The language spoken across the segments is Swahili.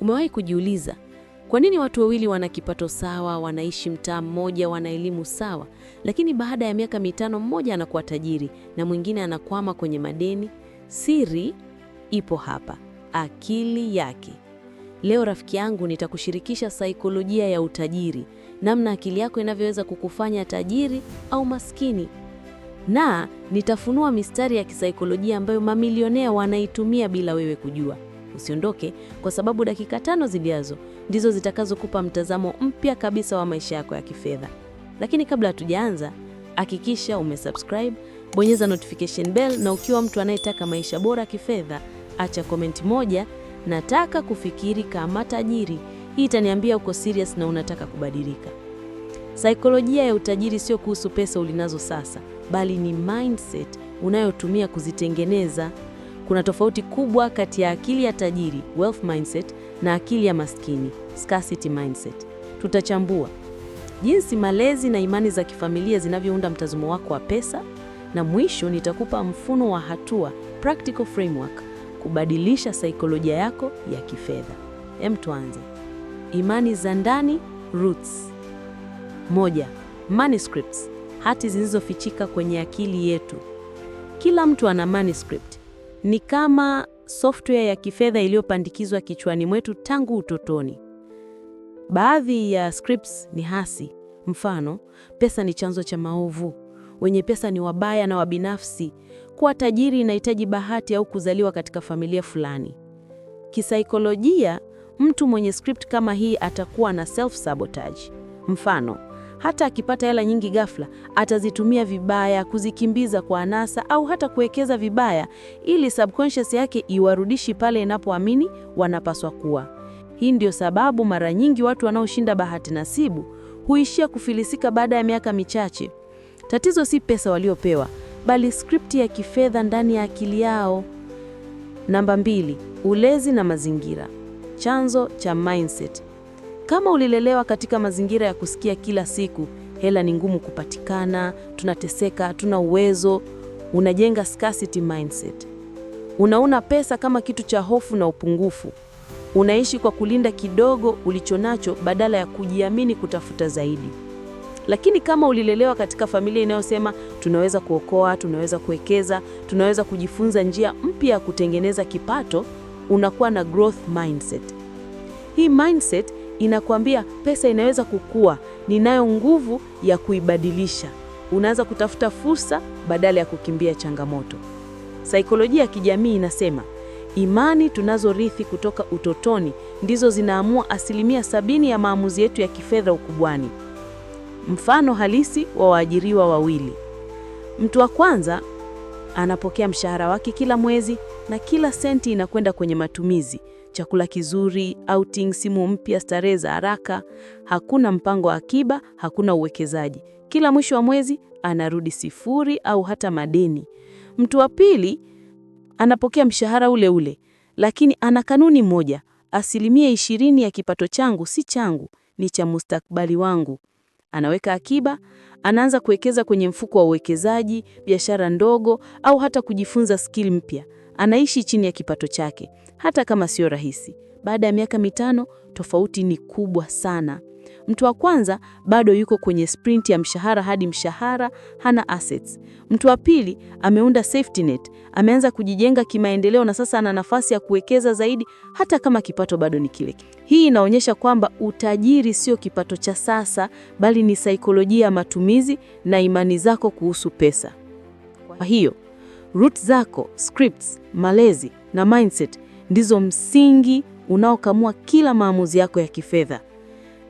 Umewahi kujiuliza kwa nini watu wawili wana kipato sawa, wanaishi mtaa mmoja, wana elimu sawa, lakini baada ya miaka mitano mmoja anakuwa tajiri na mwingine anakwama kwenye madeni? Siri ipo hapa, akili yake. Leo rafiki yangu, nitakushirikisha saikolojia ya utajiri, namna akili yako inavyoweza kukufanya tajiri au maskini, na nitafunua mistari ya kisaikolojia ambayo mamilionea wanaitumia bila wewe kujua. Usiondoke kwa sababu dakika tano zijazo ndizo zitakazokupa mtazamo mpya kabisa wa maisha yako ya kifedha. Lakini kabla hatujaanza, hakikisha umesubscribe, bonyeza notification bell, na ukiwa mtu anayetaka maisha bora kifedha, acha komenti moja, nataka kufikiri kama tajiri. Hii itaniambia uko serious na unataka kubadilika. Saikolojia ya utajiri sio kuhusu pesa ulinazo sasa, bali ni mindset unayotumia kuzitengeneza kuna tofauti kubwa kati ya akili ya tajiri wealth mindset, na akili ya maskini scarcity mindset. Tutachambua jinsi malezi na imani za kifamilia zinavyounda mtazamo wako wa pesa, na mwisho nitakupa mfuno wa hatua practical framework kubadilisha saikolojia yako ya kifedha. Hem, tuanze. Imani za ndani roots. Moja, manuscripts, hati zilizofichika kwenye akili yetu. Kila mtu ana manuscript, ni kama software ya kifedha iliyopandikizwa kichwani mwetu tangu utotoni. Baadhi ya scripts ni hasi. Mfano, pesa ni chanzo cha maovu, wenye pesa ni wabaya na wabinafsi, kuwa tajiri inahitaji bahati au kuzaliwa katika familia fulani. Kisaikolojia, mtu mwenye script kama hii atakuwa na self sabotage. Mfano, hata akipata hela nyingi ghafla, atazitumia vibaya, kuzikimbiza kwa anasa, au hata kuwekeza vibaya, ili subconscious yake iwarudishi pale inapoamini wanapaswa kuwa. Hii ndio sababu mara nyingi watu wanaoshinda bahati nasibu huishia kufilisika baada ya miaka michache. Tatizo si pesa waliopewa, bali skripti ya kifedha ndani ya akili yao. Namba mbili, ulezi na mazingira. Chanzo cha mindset. Kama ulilelewa katika mazingira ya kusikia kila siku hela ni ngumu kupatikana, tunateseka, hatuna uwezo, unajenga scarcity mindset. Unaona pesa kama kitu cha hofu na upungufu. Unaishi kwa kulinda kidogo ulichonacho badala ya kujiamini kutafuta zaidi. Lakini kama ulilelewa katika familia inayosema tunaweza kuokoa, tunaweza kuwekeza, tunaweza kujifunza njia mpya ya kutengeneza kipato, unakuwa na growth mindset. Hii mindset inakuambia pesa inaweza kukua, ninayo nguvu ya kuibadilisha. Unaanza kutafuta fursa badala ya kukimbia changamoto. Saikolojia ya kijamii inasema imani tunazorithi kutoka utotoni ndizo zinaamua asilimia sabini ya maamuzi yetu ya kifedha ukubwani. Mfano halisi wa waajiriwa wawili. Mtu wa kwanza anapokea mshahara wake kila mwezi na kila senti inakwenda kwenye matumizi chakula kizuri, outing, simu mpya, starehe za haraka. Hakuna mpango wa akiba, hakuna uwekezaji. Kila mwisho wa mwezi anarudi sifuri au hata madeni. Mtu wa pili anapokea mshahara ule ule, lakini ana kanuni moja: asilimia ishirini ya kipato changu si changu, ni cha mustakbali wangu. Anaweka akiba, anaanza kuwekeza kwenye mfuko wa uwekezaji, biashara ndogo, au hata kujifunza skill mpya. Anaishi chini ya kipato chake, hata kama sio rahisi. Baada ya miaka mitano, tofauti ni kubwa sana. Mtu wa kwanza bado yuko kwenye sprint ya mshahara hadi mshahara, hana assets. Mtu wa pili ameunda safety net, ameanza kujijenga kimaendeleo na sasa ana nafasi ya kuwekeza zaidi, hata kama kipato bado ni kile. Hii inaonyesha kwamba utajiri sio kipato cha sasa, bali ni saikolojia ya matumizi na imani zako kuhusu pesa. Kwa hiyo root zako, scripts, malezi na mindset ndizo msingi unaokamua kila maamuzi yako ya kifedha.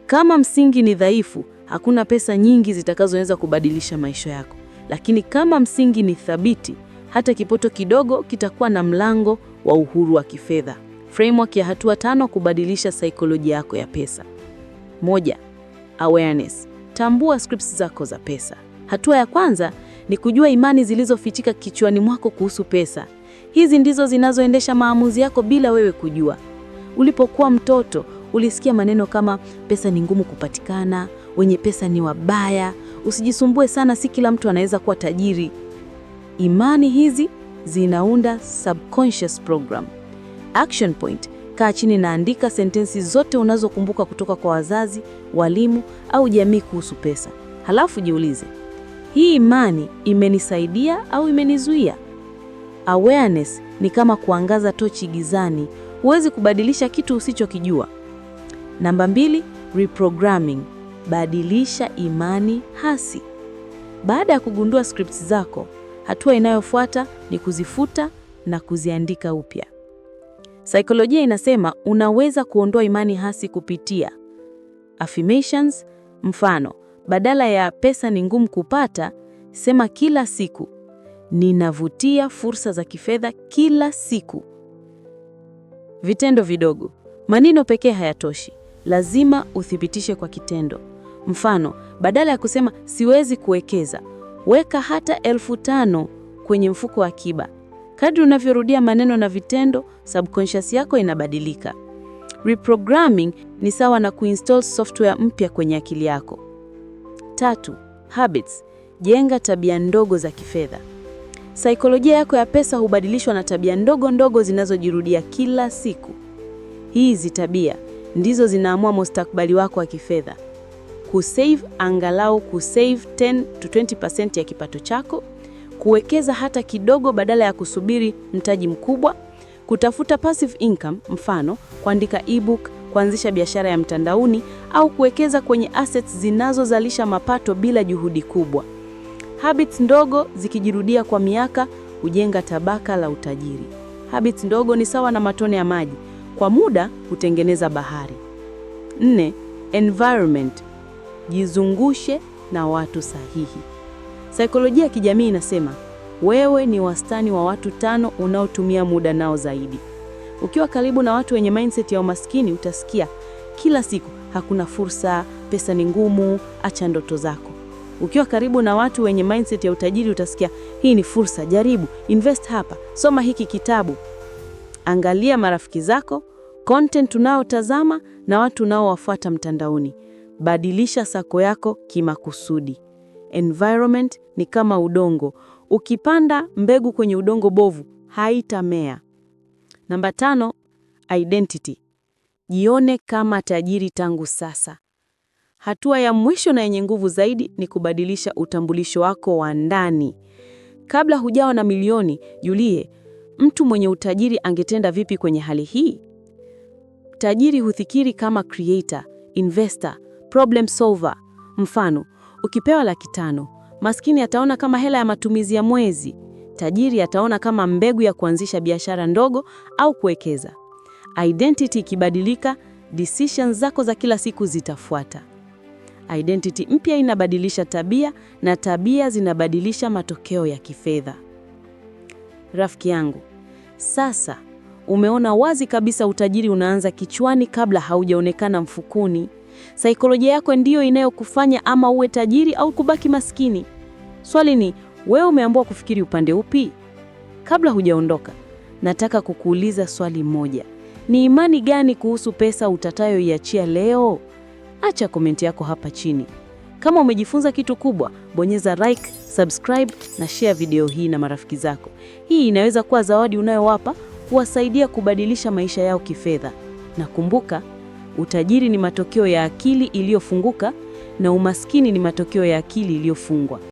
Kama msingi ni dhaifu, hakuna pesa nyingi zitakazoweza kubadilisha maisha yako, lakini kama msingi ni thabiti, hata kipoto kidogo kitakuwa na mlango wa uhuru wa kifedha. Framework ya hatua tano kubadilisha saikolojia yako ya pesa. Moja, awareness. Tambua scripts zako za pesa. Hatua ya kwanza ni kujua imani zilizofichika kichwani mwako kuhusu pesa. Hizi ndizo zinazoendesha maamuzi yako bila wewe kujua. Ulipokuwa mtoto, ulisikia maneno kama pesa ni ngumu kupatikana, wenye pesa ni wabaya, usijisumbue sana, si kila mtu anaweza kuwa tajiri. Imani hizi zinaunda subconscious program. Action point: kaa chini na andika sentensi zote unazokumbuka kutoka kwa wazazi, walimu au jamii kuhusu pesa. Halafu jiulize, hii imani imenisaidia au imenizuia? Awareness ni kama kuangaza tochi gizani, huwezi kubadilisha kitu usichokijua. Namba mbili, reprogramming, badilisha imani hasi. Baada ya kugundua scripts zako, hatua inayofuata ni kuzifuta na kuziandika upya. Saikolojia inasema unaweza kuondoa imani hasi kupitia affirmations. Mfano, badala ya pesa ni ngumu kupata, sema kila siku ninavutia fursa za kifedha kila siku. Vitendo vidogo. Maneno pekee hayatoshi, lazima uthibitishe kwa kitendo. Mfano, badala ya kusema siwezi kuwekeza, weka hata elfu tano kwenye mfuko wa akiba. Kadri unavyorudia maneno na vitendo, subconscious yako inabadilika. Reprogramming ni sawa na kuinstall software mpya kwenye akili yako. Tatu, habits. Jenga tabia ndogo za kifedha. Saikolojia yako ya pesa hubadilishwa na tabia ndogo ndogo zinazojirudia kila siku. Hizi tabia ndizo zinaamua mustakabali wako wa kifedha. Kusave angalau kusave 10 to 20% ya kipato chako, kuwekeza hata kidogo badala ya kusubiri mtaji mkubwa, kutafuta passive income, mfano kuandika ebook, kuanzisha biashara ya mtandaoni au kuwekeza kwenye assets zinazozalisha mapato bila juhudi kubwa. Habits ndogo zikijirudia kwa miaka hujenga tabaka la utajiri. Habits ndogo ni sawa na matone ya maji, kwa muda hutengeneza bahari. Nne, environment, jizungushe na watu sahihi. Saikolojia ya kijamii inasema wewe ni wastani wa watu tano unaotumia muda nao zaidi. Ukiwa karibu na watu wenye mindset ya umaskini, utasikia kila siku hakuna fursa, pesa ni ngumu, acha ndoto zako. Ukiwa karibu na watu wenye mindset ya utajiri, utasikia hii ni fursa, jaribu, invest hapa, soma hiki kitabu, angalia marafiki zako, content unaotazama na watu unaowafuata mtandaoni. Badilisha sako yako kimakusudi. Environment ni kama udongo, ukipanda mbegu kwenye udongo bovu haitamea. Namba tano, identity. Jione kama tajiri tangu sasa. Hatua ya mwisho na yenye nguvu zaidi ni kubadilisha utambulisho wako wa ndani. Kabla hujawa na milioni, julie mtu mwenye utajiri angetenda vipi kwenye hali hii? Tajiri hufikiri kama creator, investor, problem solver. Mfano, ukipewa laki tano, maskini ataona kama hela ya matumizi ya mwezi. Tajiri ataona kama mbegu ya kuanzisha biashara ndogo au kuwekeza. Identity ikibadilika, decisions zako za kila siku zitafuata. Identity mpya inabadilisha tabia na tabia zinabadilisha matokeo ya kifedha. Rafiki yangu, sasa umeona wazi kabisa utajiri unaanza kichwani kabla haujaonekana mfukuni. Saikolojia yako ndiyo inayokufanya ama uwe tajiri au kubaki maskini. Swali ni wewe umeamua kufikiri upande upi? Kabla hujaondoka, nataka kukuuliza swali moja. Ni imani gani kuhusu pesa utatayoiachia leo? acha komenti yako hapa chini. Kama umejifunza kitu kubwa, bonyeza like, subscribe na share video hii na marafiki zako. Hii inaweza kuwa zawadi unayowapa kuwasaidia kubadilisha maisha yao kifedha. Na kumbuka, utajiri ni matokeo ya akili iliyofunguka na umaskini ni matokeo ya akili iliyofungwa.